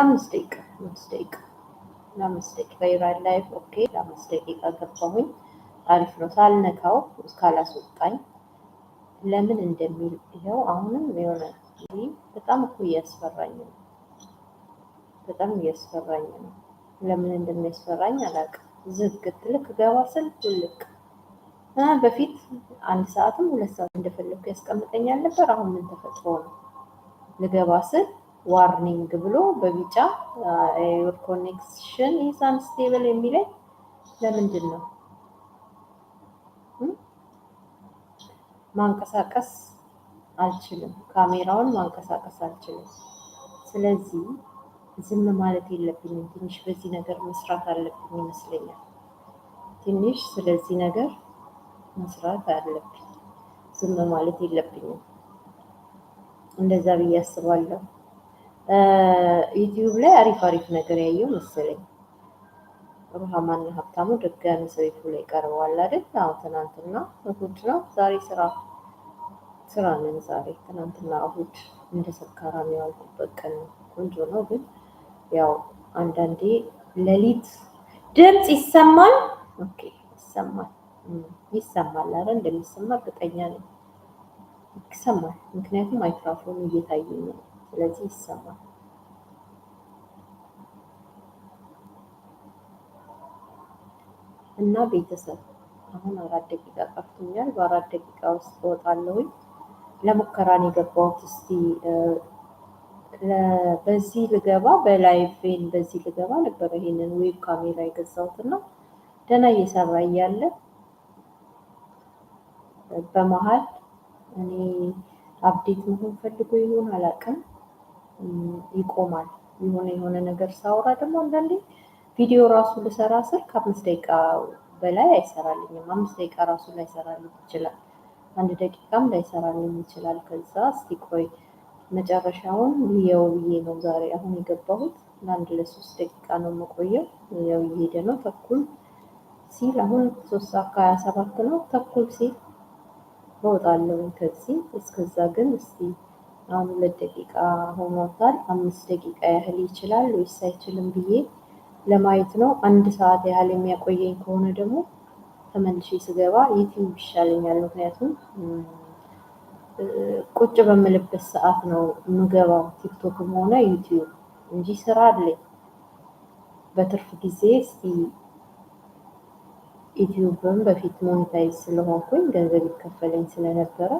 አምስት ደቂቃ አምስት ደቂቃ ለአምስት ደቂቃ ይራል ላይፍ ኦኬ። ለአምስት ደቂቃ ገባሁኝ። አሪፍ ነው። ሳልነካው እስካላስወጣኝ ለምን እንደሚል ይኸው አሁንም የሆነ በጣም እኮ እያስፈራኝ ነው። በጣም እያስፈራኝ ነው። ለምን እንደሚያስፈራኝ አላውቅም። ዝግት ልክ ገባ ስል ልክ በፊት አንድ ሰዓትም ሁለት ሰዓት እንደፈለግኩ ያስቀምጠኛል ነበር። አሁን ምን ተፈጥሮ ነው ልገባ ስል ዋርኒንግ ብሎ በቢጫ ዮር ኮኔክሽን ኢዝ አንስቴብል የሚለኝ ለምንድን ነው? ማንቀሳቀስ አልችልም። ካሜራውን ማንቀሳቀስ አልችልም። ስለዚህ ዝም ማለት የለብኝም። ትንሽ በዚህ ነገር መስራት አለብኝ ይመስለኛል። ትንሽ ስለዚህ ነገር መስራት አለብኝ። ዝም ማለት የለብኝም። እንደዛ ብዬ አስባለሁ። ዩቲዩብ ላይ አሪፍ አሪፍ ነገር ያየው መሰለኝ። ሩሃማና ሀብታሙ ድጋሚ ሰይፉ ላይ ቀርበዋል አይደል? አዎ ትናንትና እሁድ ነው። ዛሬ ስራ ስራ ነን ዛሬ። ትናንትና እሁድ እንደ ሰካራም ያዋልኩበት ቀን ነው። ቆንጆ ነው ግን ያው አንዳንዴ ሌሊት ድምፅ ይሰማል። ኦኬ ይሰማል ይሰማል። አረ እንደሚሰማ እርግጠኛ ነኝ። ይሰማል፣ ምክንያቱም ማይክሮፎኑ እየታየኝ ነው። ስለዚህ ይሰማል። እና ቤተሰብ አሁን አራት ደቂቃ ቀርቶኛል። በአራት ደቂቃ ውስጥ እወጣለሁኝ። ለሙከራን ነው የገባሁት። እስቲ በዚህ ልገባ በላይቬን በዚህ ልገባ ነበረ ይሄንን ዌብ ካሜራ የገዛሁትና ደህና እየሰራ እያለ በመሀል እኔ አብዴት መሆን ፈልጎ ይሆን አላውቅም፣ ይቆማል። የሆነ የሆነ ነገር ሳውራ ደግሞ አንዳንዴ ቪዲዮ ራሱ ልሰራ ስል ከአምስት ደቂቃ በላይ አይሰራልኝም። አምስት ደቂቃ ራሱ ላይሰራልኝ ይችላል። አንድ ደቂቃም ላይሰራልኝ ይችላል። ከዛ እስቲ ቆይ መጨረሻውን ልየው ብዬ ነው ዛሬ አሁን የገባሁት። ለአንድ ለሶስት ደቂቃ ነው የምቆየው። ያው እየሄደ ነው ተኩል ሲል አሁን ሶስት ሰዓት ከሀያ ሰባት ነው ተኩል ሲል እወጣለሁ ከዚህ። እስከዛ ግን እስቲ አሁን ሁለት ደቂቃ ሆኖታል። አምስት ደቂቃ ያህል ይችላል ወይስ አይችልም ብዬ ለማየት ነው። አንድ ሰዓት ያህል የሚያቆየኝ ከሆነ ደግሞ ተመልሼ ስገባ ዩቲዩብ ይሻለኛል። ምክንያቱም ቁጭ በምልበት ሰዓት ነው የምገባው ቲክቶክም ሆነ ዩቲዩብ እንጂ ስራ አለኝ። በትርፍ ጊዜ እስቲ ዩቲዩብም በፊት ሞኔታይዝ ስለሆንኩኝ ገንዘብ ይከፈለኝ ስለነበረ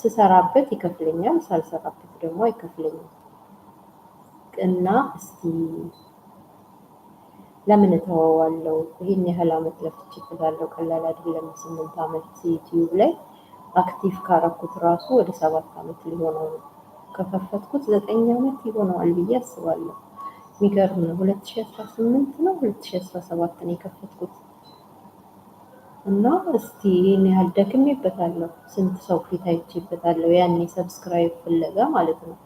ስሰራበት ይከፍለኛል፣ ሳልሰራበት ደግሞ አይከፍለኝም እና እስቲ ለምን እተወዋለሁ? ይህን ያህል አመት ለፍቼ እላለሁ። ቀላል አይደለም። ስምንት አመት ዩቲዩብ ላይ አክቲቭ ካረኩት ራሱ ወደ ሰባት አመት ሊሆነው ነው። ከከፈትኩት ዘጠኝ አመት ይሆነዋል ብዬ አስባለሁ። የሚገርም ነው። ሁለት ሺ አስራ ስምንት ነው ሁለት ሺ አስራ ሰባት ነው የከፈትኩት እና እስቲ ይህን ያህል ደክሜበታለሁ። ስንት ሰው ፊት አይቼበታለሁ። ያኔ ሰብስክራይብ ፍለጋ ማለት ነው።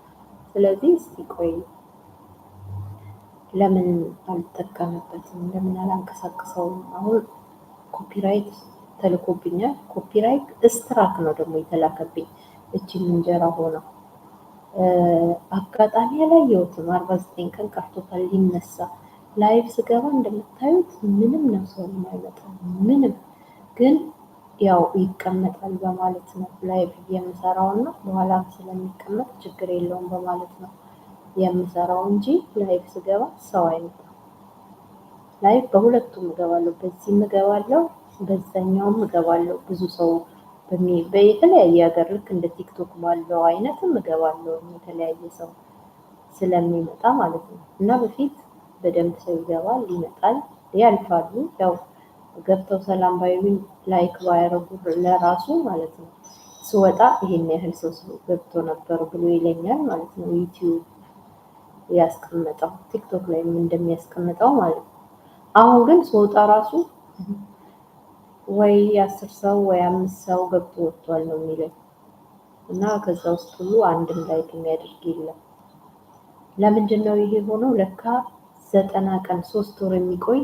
ስለዚህ እስቲ ቆይ ለምን አልጠቀምበትም? ለምን አላንቀሳቀሰውም? አሁን ኮፒራይት ተልኮብኛል። ኮፒራይት እስትራክ ነው ደግሞ የተላከብኝ። እችን እንጀራ ሆነ አጋጣሚ ያላየሁትም። አርባ ዘጠኝ ቀን ቀርቶታል ሊነሳ። ላይቭ ስገባ እንደምታዩት ምንም ነው ሰው ምንም፣ ግን ያው ይቀመጣል በማለት ነው ላይቭ የምሰራውና በኋላም ስለሚቀመጥ ችግር የለውም በማለት ነው የምሰራው እንጂ ላይቭ ስገባ ሰው አይመጣም። ላይቭ በሁለቱም እገባለሁ፣ በዚህም እገባለሁ፣ በዛኛውም እገባለሁ። ብዙ ሰው በየተለያየ ሀገር ልክ እንደ ቲክቶክ ባለው አይነትም እገባለሁ። የተለያየ ሰው ስለሚመጣ ማለት ነው እና በፊት በደንብ ሰው ይገባል፣ ይመጣል፣ ያልፋሉ። ያው ገብተው ሰላም ባይሉኝ ላይክ ባያረጉ ለራሱ ማለት ነው ስወጣ ይሄን ያህል ሰው ገብቶ ነበር ብሎ ይለኛል ማለት ነው ዩቲዩብ ያስቀመጠው ቲክቶክ ላይም እንደሚያስቀምጠው ማለት ነው። አሁን ግን ስወጣ ራሱ ወይ አስር ሰው ወይ አምስት ሰው ገብቶ ወጥቷል ነው የሚለኝ እና ከዛ ውስጥ ሁሉ አንድም ላይክ የሚያደርግ የለም። ለምንድን ነው ይሄ ሆነው? ለካ ዘጠና ቀን ሶስት ወር የሚቆይ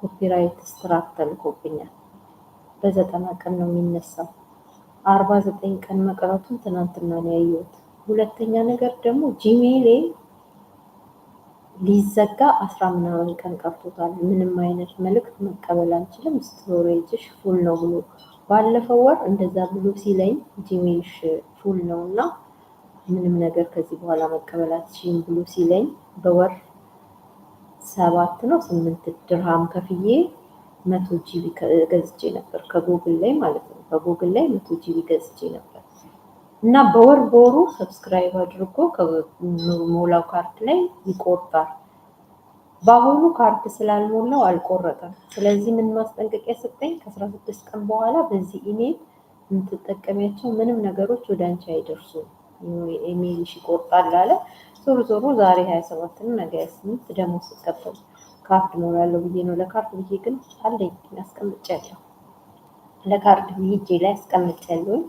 ኮፒራይት ስትራይክ ተልኮብኛል። በዘጠና ቀን ነው የሚነሳው። አርባ ዘጠኝ ቀን መቅረቱን ትናንትና ነው ያየሁት። ሁለተኛ ነገር ደግሞ ጂሜሌ ሊዘጋ አስራ ምናምን ቀን ቀርቶታል። ምንም አይነት መልእክት መቀበል አንችልም፣ ስቶሬጅሽ ፉል ነው ብሎ ባለፈው ወር እንደዛ ብሎ ሲለኝ ጂሜልሽ ፉል ነው እና ምንም ነገር ከዚህ በኋላ መቀበል ብሎ ሲለኝ በወር ሰባት ነው ስምንት ድርሃም ከፍዬ መቶ ጂቢ ገዝቼ ነበር ከጎግል ላይ ማለት ነው። ከጎግል ላይ መቶ ጂቢ ገዝቼ ነበር። እና በወር በወሩ ሰብስክራይብ አድርጎ ከሞላው ካርድ ላይ ይቆርጣል። በአሁኑ ካርድ ስላልሞላው አልቆረጠም። ስለዚህ ምን ማስጠንቀቂያ ሰጠኝ? ከ16 ቀን በኋላ በዚህ ኢሜል የምትጠቀሚያቸው ምንም ነገሮች ወደ አንቺ አይደርሱም፣ ኢሜይልሽ ይቆርጣል አለ። ዞሮ ዞሮ ዛሬ 27 ነው ነገ ሀያ ስምንት ደግሞ ስቀበል ካርድ ሞላለሁ ብዬ ነው። ለካርድ ብዬ ግን አለኝ አስቀምጫለሁ። ለካርድ ብዬ ላይ አስቀምጫለሁኝ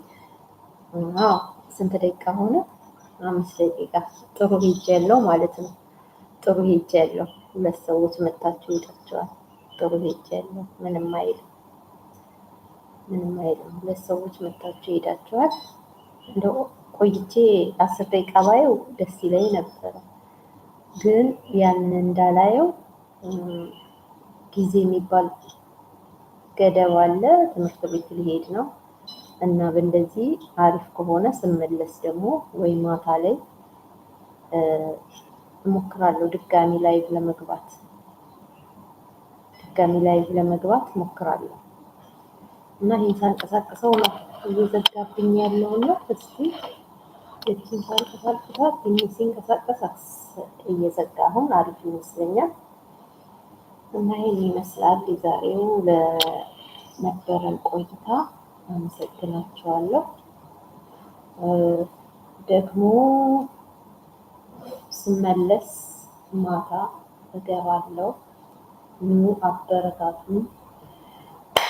አዎ ስንት ደቂቃ ሆነ? አምስት ደቂቃ ጥሩ ሂጅ ያለው ማለት ነው። ጥሩ ሂጅ ያለው ሁለት ሰዎች መታችሁ ይጠቸዋል። ጥሩ ሂጅ ያለው ምንም አይልም፣ ምንም አይልም። ሁለት ሰዎች መታችሁ ይሄዳችኋል። እንደው ቆይቼ አስር ደቂቃ ባየው ደስ ይለኝ ነበረ፣ ግን ያንን እንዳላየው ጊዜ የሚባል ገደብ አለ። ትምህርት ቤት ሊሄድ ነው እና በእንደዚህ አሪፍ ከሆነ ስመለስ ደግሞ ወይ ማታ ላይ እሞክራለሁ ድጋሚ ላይቭ ለመግባት ድጋሚ ላይቭ ለመግባት እሞክራለሁ። እና ይህን ሳንቀሳቀሰው ነው እየዘጋብኝ ያለውና እስቲ የችን ሳንቀሳቅሳ ይህ ሲንቀሳቀሳት እየዘጋ አሁን አሪፍ ይመስለኛል። እና ይህን ይመስላል የዛሬው ለነበረን ቆይታ አመሰግናቸዋለሁ። ደግሞ ስመለስ ማታ እገባለሁ። ኑ አበረታቱን፣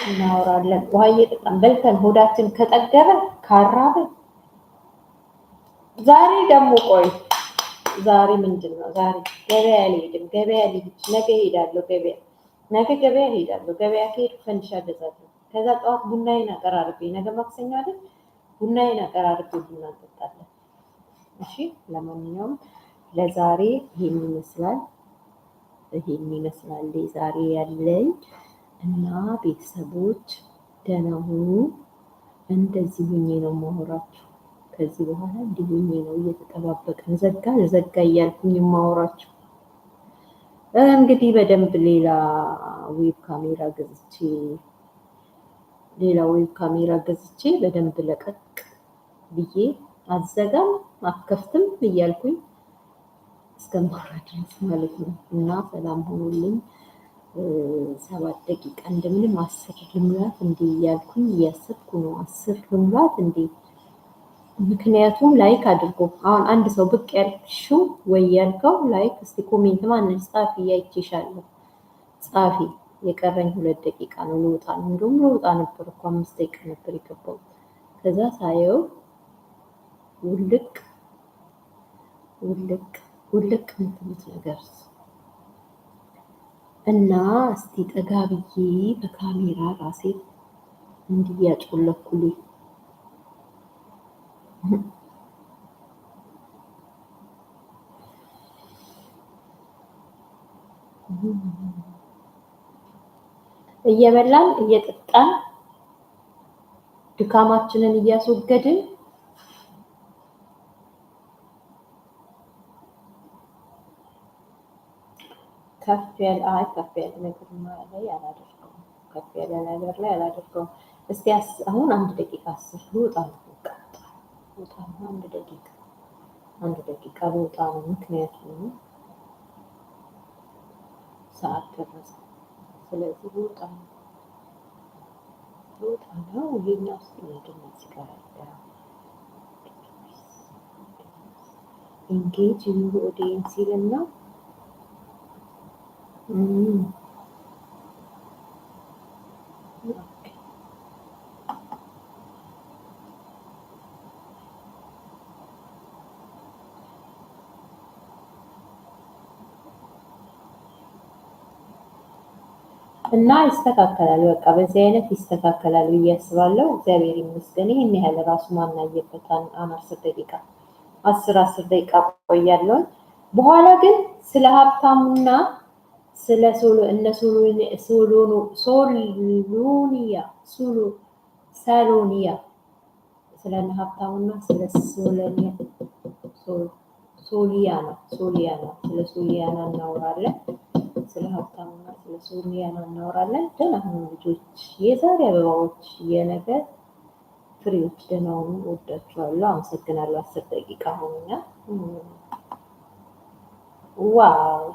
እናወራለን። ውሃ እየጠጣን በልተን ሆዳችን ከጠገበ ካራብን ዛሬ ደግሞ ቆይ ዛሬ ምንድን ነው? ዛሬ ገበያ አልሄድም። ገበያ ልሂድ፣ ነገ ሄዳለሁ። ገበያ ነገ ገበያ ሄዳለሁ። ገበያ ከሄድኩ ፈንዲሻ ገዛለሁ። ከዛ ጠዋት ቡናዬን አቀራርቤ ነገ ማክሰኛ አይደል? ቡናዬን አቀራርቤ ቡና እንጠጣለን። እሺ፣ ለማንኛውም ለዛሬ ይሄን ይመስላል ይሄን ይመስላል ዛሬ ያለኝ እና ቤተሰቦች ደህና ሁኑ። እንደዚህ ሁኜ ነው ማወራችሁ። ከዚህ በኋላ እንዲህ ሁኜ ነው እየተጠባበቅን ዘጋ ዘጋ እያልኩኝ ማወራችሁ። እንግዲህ በደንብ ሌላ ዌብ ካሜራ ገዝቼ ሌላ ዌብ ካሜራ ገዝቼ በደንብ ለቀቅ ብዬ አዘጋም አከፍትም እያልኩኝ እስከማራ ድረስ ማለት ነው። እና ሰላም ሆኖልኝ ሰባት ደቂቃ እንደምንም አስር ልሙላት እንዴ እያልኩኝ እያሰብኩ ነው። አስር ልሙላት እንዴ ምክንያቱም ላይክ አድርጎ አሁን አንድ ሰው ብቅ ያልሽው ወይ ያልከው ላይክ እስቲ ኮሜንት ማንን ጻፊ ያይቼሻለሁ ጻፊ የቀረኝ ሁለት ደቂቃ ነው ልውጣ ነው። እንደውም ልውጣ ነበር እኮ አምስት ደቂቃ ነበር የገባው። ከዛ ሳየው ውልቅ ውልቅ ውልቅ የምትሉት ነገር እና እስቲ ጠጋ ብዬ በካሜራ ራሴ እንዲያጮለኩልኝ Mm-hmm. እየበላን እየጠጣን ድካማችንን እያስወገድን ከፍ ያለ አይ ከፍ ያለ ነገር ላይ አላደርገውም። ከፍ ያለ ነገር ላይ አላደርገውም። እስቲ አሁን አንድ ደቂቃ አስር ልውጣ ልውጣ ነው። አንድ ደቂቃ አንድ ደቂቃ ልውጣ ነው። ምክንያቱም ሰዓት ደረሰ። ስለዚህ ውጣ ውጣ ነው ይሄኛ ውስጥ ምንድነው ሲቀራዳ ኢንጌጅ ኒው ኦዲየንስ ይልና ኦኬ እና ይስተካከላል። በቃ በዚህ አይነት ይስተካከላል ብዬ አስባለሁ። እግዚአብሔር ይመስገን። ይህን ያህል ራሱ ማናየበት አስር ደቂቃ አስር አስር ደቂቃ ቆያለውን። በኋላ ግን ስለ ሀብታሙና ስለ ሶሎ እነ ሶሎኑ ሶሎኒያ ሶሎ ሳሎኒያ ስለ እነ ሀብታሙና ስለ ሶሎኒያ ሶሊያና ሶሊያና ስለ ሶሊያና እናወራለን። ስለ ሀብታሙና ስለ ሱኒያ ነው እናወራለን። ደህና ሁኑ ልጆች፣ የዛሬ አበባዎች፣ የነገ ፍሬዎች። ደህና ሁኑ፣ ወዳችኋለሁ፣ አመሰግናለሁ። አስር ደቂቃ ሆኖኛል። ዋው